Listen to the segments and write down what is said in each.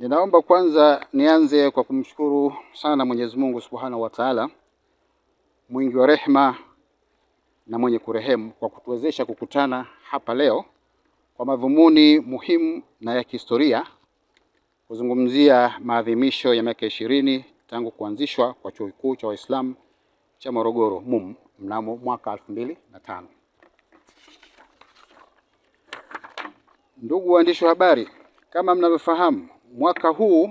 Ninaomba kwanza nianze kwa kumshukuru sana Mwenyezi Mungu Subhanahu wa Ta'ala, mwingi wa rehema na mwenye kurehemu kwa kutuwezesha kukutana hapa leo kwa madhumuni muhimu na ya kihistoria kuzungumzia maadhimisho ya miaka ishirini tangu kuanzishwa kwa Chuo Kikuu cha Waislamu cha Morogoro MUM mnamo mwaka elfu mbili na tano. Ndugu waandishi wa habari, kama mnavyofahamu mwaka huu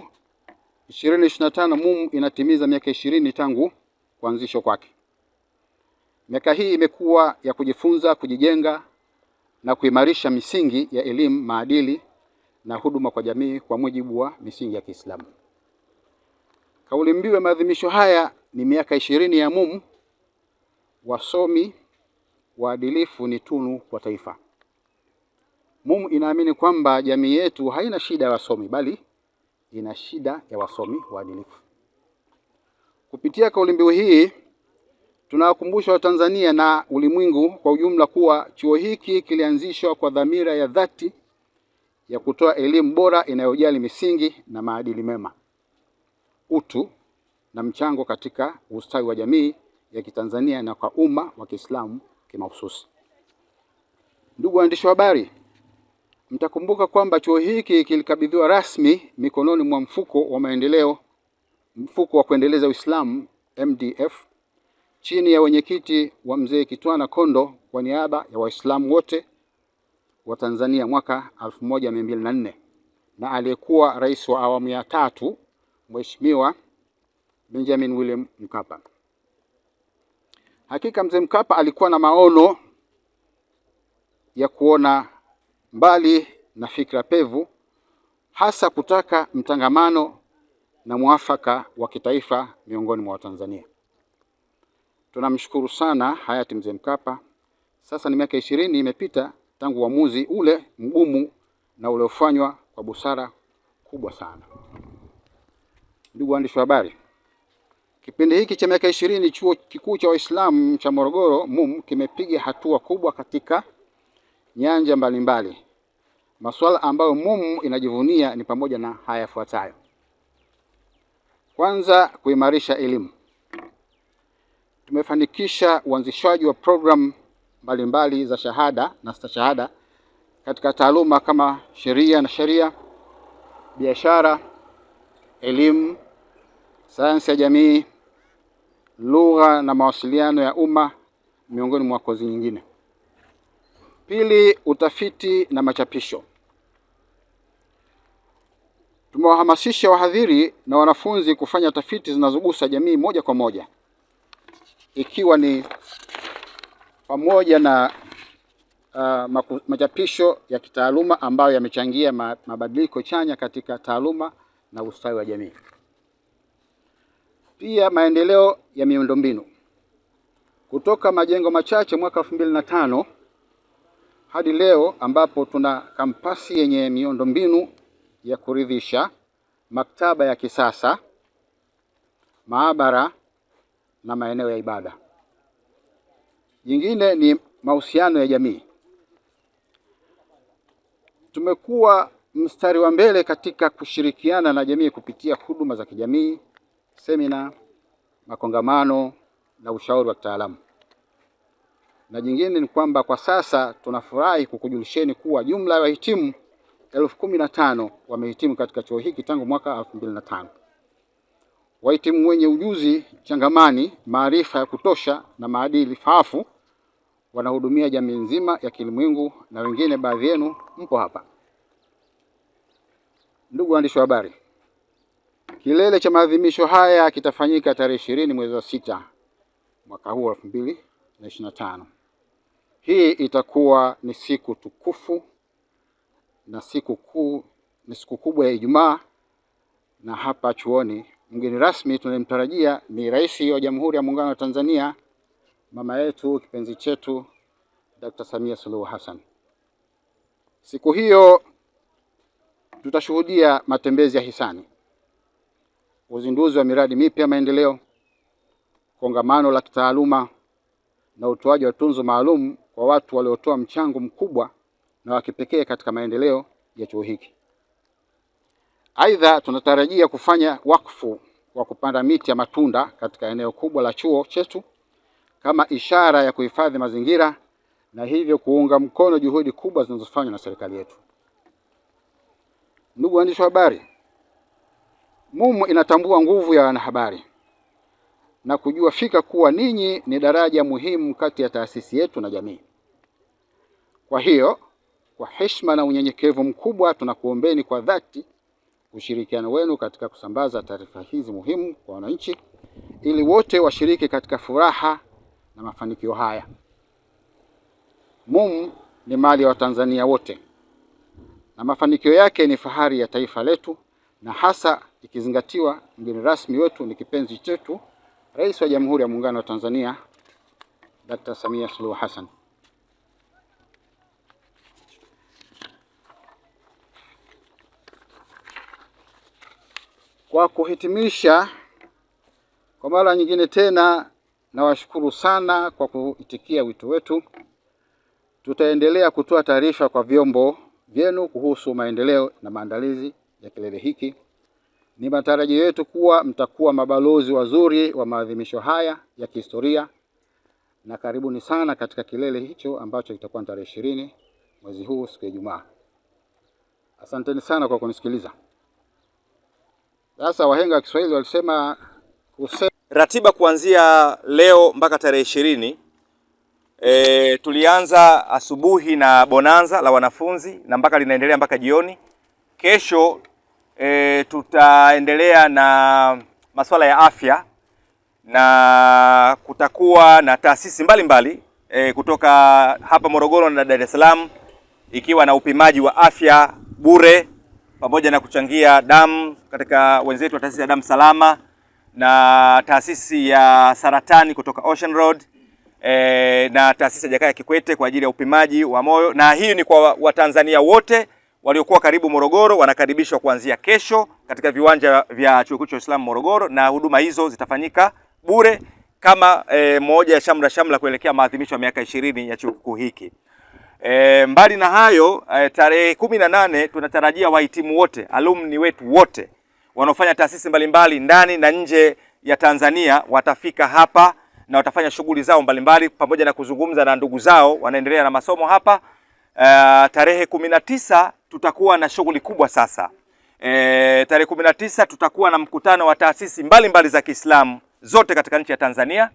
2025 MUM inatimiza miaka ishirini tangu kuanzishwa kwake. Miaka hii imekuwa ya kujifunza, kujijenga na kuimarisha misingi ya elimu, maadili na huduma kwa jamii kwa mujibu wa misingi ya Kiislamu. Kauli mbiu ya maadhimisho haya ni miaka ishirini ya MUM, wasomi waadilifu ni tunu kwa taifa. MUM inaamini kwamba jamii yetu haina shida ya wasomi bali ina shida ya wasomi waadilifu. Kupitia kauli mbiu hii tunawakumbusha Watanzania na ulimwengu kwa ujumla kuwa chuo hiki kilianzishwa kwa dhamira ya dhati ya kutoa elimu bora inayojali misingi na maadili mema, utu na mchango katika ustawi wa jamii ya Kitanzania na kwa umma wa Kiislamu kimahususi. Ndugu waandishi wa habari, Mtakumbuka kwamba chuo hiki kilikabidhiwa rasmi mikononi mwa mfuko wa maendeleo, mfuko wa kuendeleza Uislamu MDF, chini ya wenyekiti wa mzee Kitwana Kondo kwa niaba ya Waislamu wote wa Tanzania mwaka 1204 na aliyekuwa rais wa awamu ya tatu Mheshimiwa Benjamin William Mkapa. Hakika mzee Mkapa alikuwa na maono ya kuona mbali na fikra pevu, hasa kutaka mtangamano na mwafaka wa kitaifa miongoni mwa Watanzania. Tunamshukuru sana hayati Mzee Mkapa. Sasa ni miaka ishirini imepita tangu uamuzi ule mgumu na uliofanywa kwa busara kubwa sana. Ndugu waandishi wa habari, kipindi hiki cha miaka ishirini Chuo Kikuu cha Waislamu cha Morogoro MUM kimepiga hatua kubwa katika nyanja mbalimbali. Masuala ambayo MUM inajivunia ni pamoja na haya yafuatayo: kwanza, kuimarisha elimu. Tumefanikisha uanzishwaji wa programu mbalimbali za shahada na stashahada katika taaluma kama sheria na sheria, biashara, elimu, sayansi ya jamii, lugha na mawasiliano ya umma, miongoni mwa kozi nyingine. Pili, utafiti na machapisho. Tumewahamasisha wahadhiri na wanafunzi kufanya tafiti zinazogusa jamii moja kwa moja, ikiwa ni pamoja na uh, machapisho ya kitaaluma ambayo yamechangia mabadiliko chanya katika taaluma na ustawi wa jamii. Pia maendeleo ya miundombinu kutoka majengo machache mwaka elfu mbili na tano hadi leo ambapo tuna kampasi yenye miundombinu ya kuridhisha, maktaba ya kisasa, maabara na maeneo ya ibada. Jingine ni mahusiano ya jamii. Tumekuwa mstari wa mbele katika kushirikiana na jamii kupitia huduma za kijamii, semina, makongamano na ushauri wa kitaalamu na jingine ni kwamba kwa sasa tunafurahi kukujulisheni kuwa jumla ya wahitimu elfu kumi na tano wamehitimu katika chuo hiki tangu mwaka elfu mbili na tano. Wahitimu wenye ujuzi changamani, maarifa ya kutosha na maadili faafu wanahudumia jamii nzima ya kilimwengu, na wengine baadhi yenu mpo hapa. Ndugu waandishi wa habari, kilele cha maadhimisho haya kitafanyika tarehe ishirini mwezi wa sita mwaka huu elfu mbili na ishirini na tano. Hii itakuwa ni siku tukufu na siku kuu, ni siku kubwa ya Ijumaa, na hapa chuoni mgeni rasmi tunayemtarajia ni Rais wa Jamhuri ya Muungano wa Tanzania, mama yetu kipenzi chetu Dr. Samia Suluhu Hassan. Siku hiyo tutashuhudia matembezi ya hisani, uzinduzi wa miradi mipya ya maendeleo, kongamano la kitaaluma na utoaji wa tunzo maalum kwa watu waliotoa mchango mkubwa na wa kipekee katika maendeleo ya chuo hiki. Aidha, tunatarajia kufanya wakfu wa kupanda miti ya matunda katika eneo kubwa la chuo chetu kama ishara ya kuhifadhi mazingira na hivyo kuunga mkono juhudi kubwa zinazofanywa na serikali yetu. Ndugu waandishi wa habari, MUM inatambua nguvu ya wanahabari na kujua fika kuwa ninyi ni daraja muhimu kati ya taasisi yetu na jamii. Kwa hiyo kwa heshima na unyenyekevu mkubwa tunakuombeni kwa dhati ushirikiano wenu katika kusambaza taarifa hizi muhimu kwa wananchi ili wote washiriki katika furaha na mafanikio haya. MUM ni mali ya wa Watanzania wote na mafanikio yake ni fahari ya taifa letu, na hasa ikizingatiwa mgeni rasmi wetu ni kipenzi chetu Rais wa Jamhuri ya Muungano wa Tanzania Dr. Samia Suluhu Hassan. Kwa kuhitimisha, kwa mara nyingine tena nawashukuru sana kwa kuitikia wito wetu. Tutaendelea kutoa taarifa kwa vyombo vyenu kuhusu maendeleo na maandalizi ya kilele hiki. Ni matarajio yetu kuwa mtakuwa mabalozi wazuri wa maadhimisho haya ya kihistoria, na karibuni sana katika kilele hicho ambacho kitakuwa tarehe ishirini mwezi huu siku ya Ijumaa. Asanteni sana kwa kunisikiliza. Sasa wahenga wa Kiswahili walisema kusema. Ratiba kuanzia leo mpaka tarehe ishirini e, tulianza asubuhi na bonanza la wanafunzi na mpaka linaendelea mpaka jioni. Kesho e, tutaendelea na masuala ya afya na kutakuwa na taasisi mbalimbali e, kutoka hapa Morogoro na Dar es Salaam ikiwa na upimaji wa afya bure pamoja na kuchangia damu katika wenzetu wa taasisi ya damu salama na taasisi ya saratani kutoka Ocean Road e, na taasisi ya Jakaya Kikwete kwa ajili ya upimaji wa moyo, na hii ni kwa Watanzania wote waliokuwa karibu Morogoro, wanakaribishwa kuanzia kesho katika viwanja vya Chuo Kikuu cha Uislamu Morogoro, na huduma hizo zitafanyika bure kama e, moja ya shamra shamra kuelekea maadhimisho ya miaka ishirini ya chuo kikuu hiki. E, mbali na hayo e, tarehe kumi na nane tunatarajia wahitimu wote alumni wetu wote wanaofanya taasisi mbalimbali ndani na nje ya Tanzania watafika hapa na watafanya shughuli zao mbalimbali pamoja na kuzungumza na ndugu zao wanaendelea na masomo hapa. E, tarehe kumi na tisa tutakuwa na shughuli kubwa sasa. E, tarehe kumi na tisa tutakuwa na mkutano wa taasisi mbalimbali za Kiislamu zote katika nchi ya Tanzania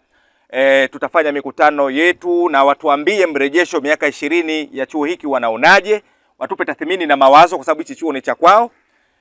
e, tutafanya mikutano yetu na watuambie mrejesho miaka ishirini ya chuo hiki wanaonaje, watupe tathmini na mawazo, kwa sababu hichi chuo ni cha kwao.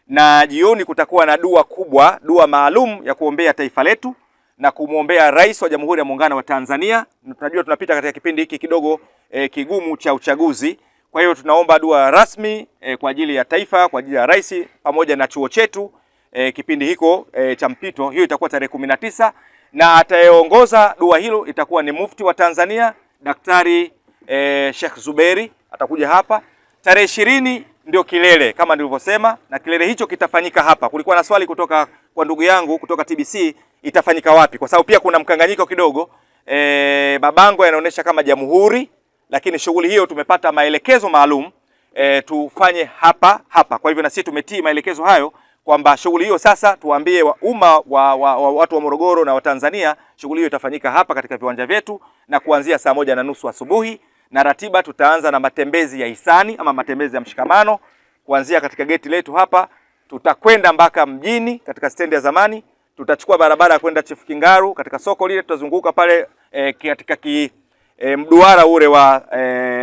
Na jioni kutakuwa na dua kubwa, dua maalum ya kuombea taifa letu na kumwombea Rais wa Jamhuri ya Muungano wa Tanzania. Tunajua tunapita katika kipindi hiki kidogo e, kigumu cha uchaguzi. Kwa hiyo tunaomba dua rasmi e, kwa ajili ya taifa, kwa ajili ya rais pamoja na chuo chetu e, kipindi hiko e, cha mpito. Hiyo itakuwa tarehe kumi na tisa na atayeongoza dua hilo itakuwa ni mufti wa Tanzania Daktari e, Sheikh Zuberi atakuja hapa tarehe ishirini, ndio kilele kama nilivyosema, na kilele hicho kitafanyika hapa. Kulikuwa na swali kutoka kwa ndugu yangu kutoka TBC, itafanyika wapi? Kwa sababu pia kuna mkanganyiko kidogo e, eh, mabango yanaonyesha kama Jamhuri, lakini shughuli hiyo tumepata maelekezo maalum e, tufanye hapa hapa. Kwa hivyo na sisi tumetii maelekezo hayo kwamba shughuli hiyo sasa tuwaambie wa umma wa, wa, wa watu wa Morogoro na Watanzania, shughuli hiyo itafanyika hapa katika viwanja vyetu na kuanzia saa moja na nusu asubuhi, na ratiba tutaanza na matembezi ya hisani ama matembezi ya mshikamano kuanzia katika geti letu hapa, tutakwenda mpaka mjini katika stendi ya zamani, tutachukua barabara ya kwenda Chifu Kingaru katika soko lile, tutazunguka pale e, katika ki, e, mduara ule wa e,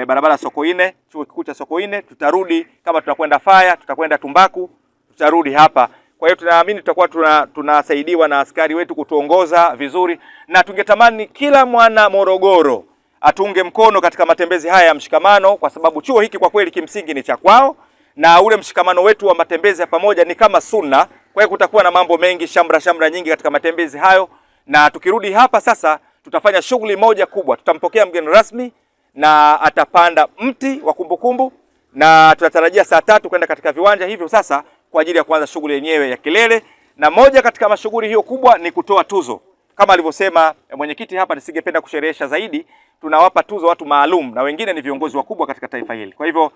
barabara Sokoine, chuo kikuu cha Sokoine, tutarudi kama tunakwenda Faya, tutakwenda Tumbaku tutarudi hapa. Kwa hiyo tunaamini tutakuwa tuna, tunasaidiwa na askari wetu kutuongoza vizuri, na tungetamani kila mwana Morogoro atunge mkono katika matembezi haya ya mshikamano, kwa sababu chuo hiki kwa kweli kimsingi ni cha kwao, na ule mshikamano wetu wa matembezi ya pamoja ni kama sunna. Kwa hiyo kutakuwa na mambo mengi, shamra shamra nyingi katika matembezi hayo, na tukirudi hapa sasa tutafanya shughuli moja kubwa. Tutampokea mgeni rasmi na atapanda mti wa kumbukumbu, na tunatarajia saa tatu kwenda katika viwanja hivyo sasa kwa ajili ya kuanza shughuli yenyewe ya kilele, na moja katika mashughuli hiyo kubwa ni kutoa tuzo. Kama alivyosema eh, mwenyekiti hapa, nisingependa kusherehesha zaidi. Tunawapa tuzo watu maalum na wengine ni viongozi wakubwa katika taifa hili. Kwa hivyo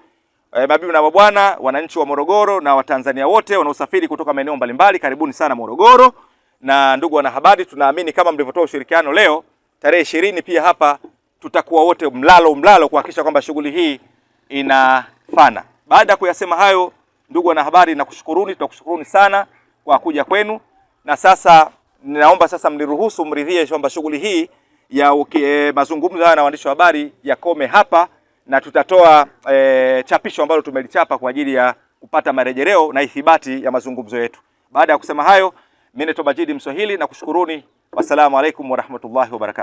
eh, mabibi na mabwana, wananchi wa Morogoro na Watanzania wote wanaosafiri kutoka maeneo mbalimbali, karibuni sana Morogoro. Na ndugu wanahabari, tunaamini kama mlivyotoa ushirikiano leo tarehe ishirini, pia hapa tutakuwa wote mlalo mlalo kuhakikisha kwamba shughuli hii inafana. Baada ya kuyasema hayo Ndugu wanahabari, nakushukuruni, tunakushukuruni sana kwa kuja kwenu, na sasa ninaomba sasa mniruhusu mridhie kwamba shughuli hii ya e, mazungumzo haya na waandishi wa habari yakome hapa, na tutatoa e, chapisho ambalo tumelichapa kwa ajili ya kupata marejeleo na ithibati ya mazungumzo yetu. Baada ya kusema hayo, mimi ni Majidi Mswahili na kushukuruni. Wassalamu alaikum warahmatullahi wabarakatuh.